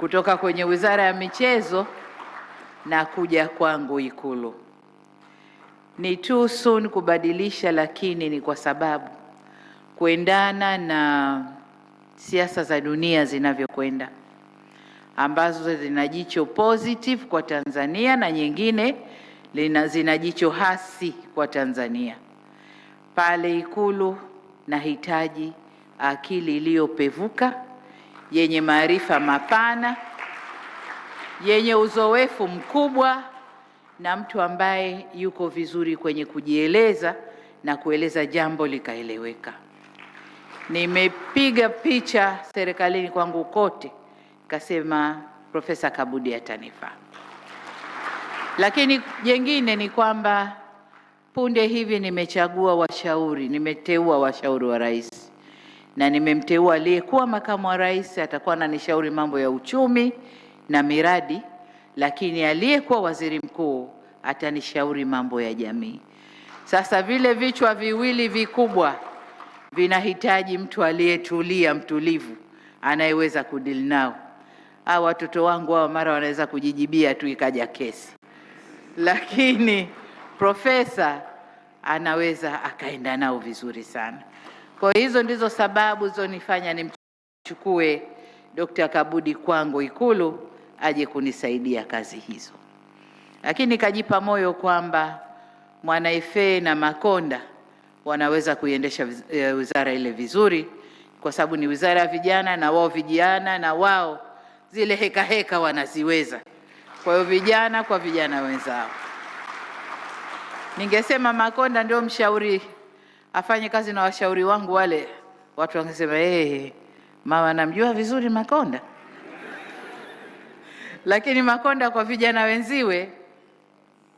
kutoka kwenye Wizara ya Michezo na kuja kwangu Ikulu. Ni too soon kubadilisha, lakini ni kwa sababu kuendana na siasa za dunia zinavyokwenda ambazo zina jicho positive kwa Tanzania na nyingine zina jicho hasi kwa Tanzania. Pale Ikulu nahitaji akili iliyopevuka yenye maarifa mapana, yenye uzoefu mkubwa na mtu ambaye yuko vizuri kwenye kujieleza na kueleza jambo likaeleweka. Nimepiga picha serikalini kwangu kote, kasema Profesa Kabudi atanifaa. Lakini jengine ni kwamba punde hivi nimechagua washauri, nimeteua washauri wa rais na nimemteua aliyekuwa makamu wa rais, atakuwa ananishauri mambo ya uchumi na miradi, lakini aliyekuwa waziri mkuu atanishauri mambo ya jamii. Sasa vile vichwa viwili vikubwa vinahitaji mtu aliyetulia, mtulivu, anayeweza kudili nao. Au watoto wangu hao mara wanaweza kujijibia tu ikaja kesi, lakini profesa anaweza akaenda nao vizuri sana. Kwa hizo ndizo sababu zonifanya nimchukue Dr. Kabudi kwangu Ikulu aje kunisaidia kazi hizo, lakini kajipa moyo kwamba Mwanaife na Makonda wanaweza kuiendesha eh, wizara ile vizuri, kwa sababu ni wizara ya vijana na wao vijana na wao zile hekaheka heka wanaziweza. Kwa hiyo vijana kwa vijana wenzao, ningesema Makonda ndio mshauri afanye kazi na washauri wangu wale. Watu wangesema hey, mama namjua vizuri Makonda lakini Makonda kwa vijana wenziwe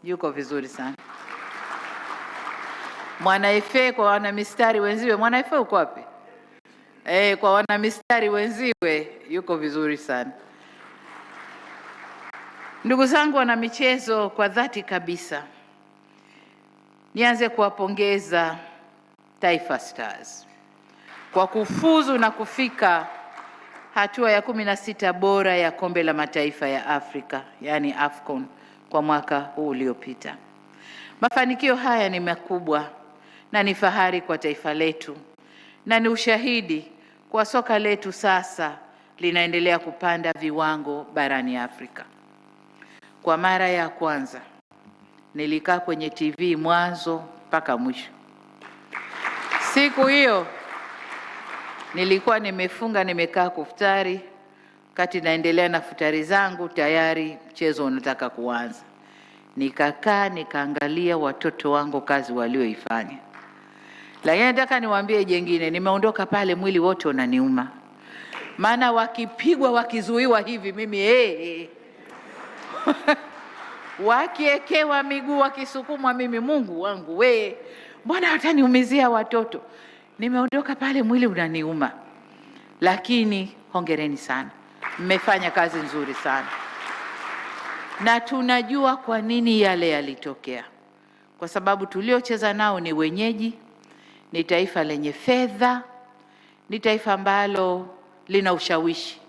yuko vizuri sana. Mwanaefe kwa wanamistari wenziwe, Mwanaefe uko wapi? E, kwa wanamistari wenziwe yuko vizuri sana. Ndugu zangu wana michezo, kwa dhati kabisa nianze kuwapongeza Taifa Stars kwa kufuzu na kufika hatua ya kumi na sita bora ya kombe la mataifa ya Afrika yaani AFCON kwa mwaka huu uliopita. Mafanikio haya ni makubwa na ni fahari kwa taifa letu na ni ushahidi kwa soka letu sasa linaendelea kupanda viwango barani Afrika. Kwa mara ya kwanza nilikaa kwenye TV mwanzo mpaka mwisho. Siku hiyo nilikuwa nimefunga, nimekaa kufutari. Kati naendelea na futari zangu, tayari mchezo unataka kuanza. Nikakaa nikaangalia watoto wangu kazi walioifanya, lakini nataka niwaambie jengine, nimeondoka pale mwili wote unaniuma, maana wakipigwa wakizuiwa hivi mimi hey, eh, eh, hey. Eh. wakiekewa miguu wakisukumwa, mimi Mungu wangu we mbona wataniumizia watoto? Nimeondoka pale mwili unaniuma, lakini hongereni sana, mmefanya kazi nzuri sana, na tunajua kwa nini yale yalitokea, kwa sababu tuliocheza nao ni wenyeji, ni taifa lenye fedha, ni taifa ambalo lina ushawishi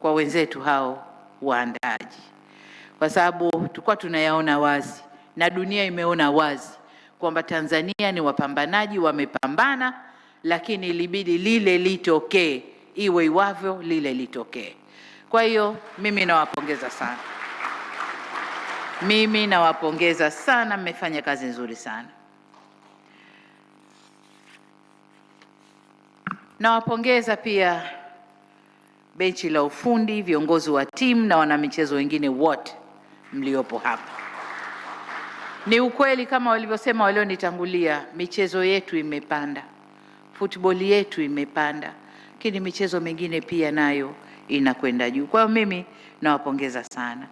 kwa wenzetu hao waandaaji, kwa sababu tulikuwa tunayaona wazi na dunia imeona wazi kwamba Tanzania ni wapambanaji, wamepambana, lakini ilibidi lile litokee, iwe iwavyo, lile litokee. Kwa hiyo mimi nawapongeza sana, mimi nawapongeza sana, mmefanya kazi nzuri sana. Nawapongeza pia benchi la ufundi, viongozi wa timu na wanamichezo wengine wote mliopo hapa. Ni ukweli kama walivyosema walionitangulia, michezo yetu imepanda, football yetu imepanda, lakini michezo mingine pia nayo inakwenda juu. Kwa hiyo mimi nawapongeza sana.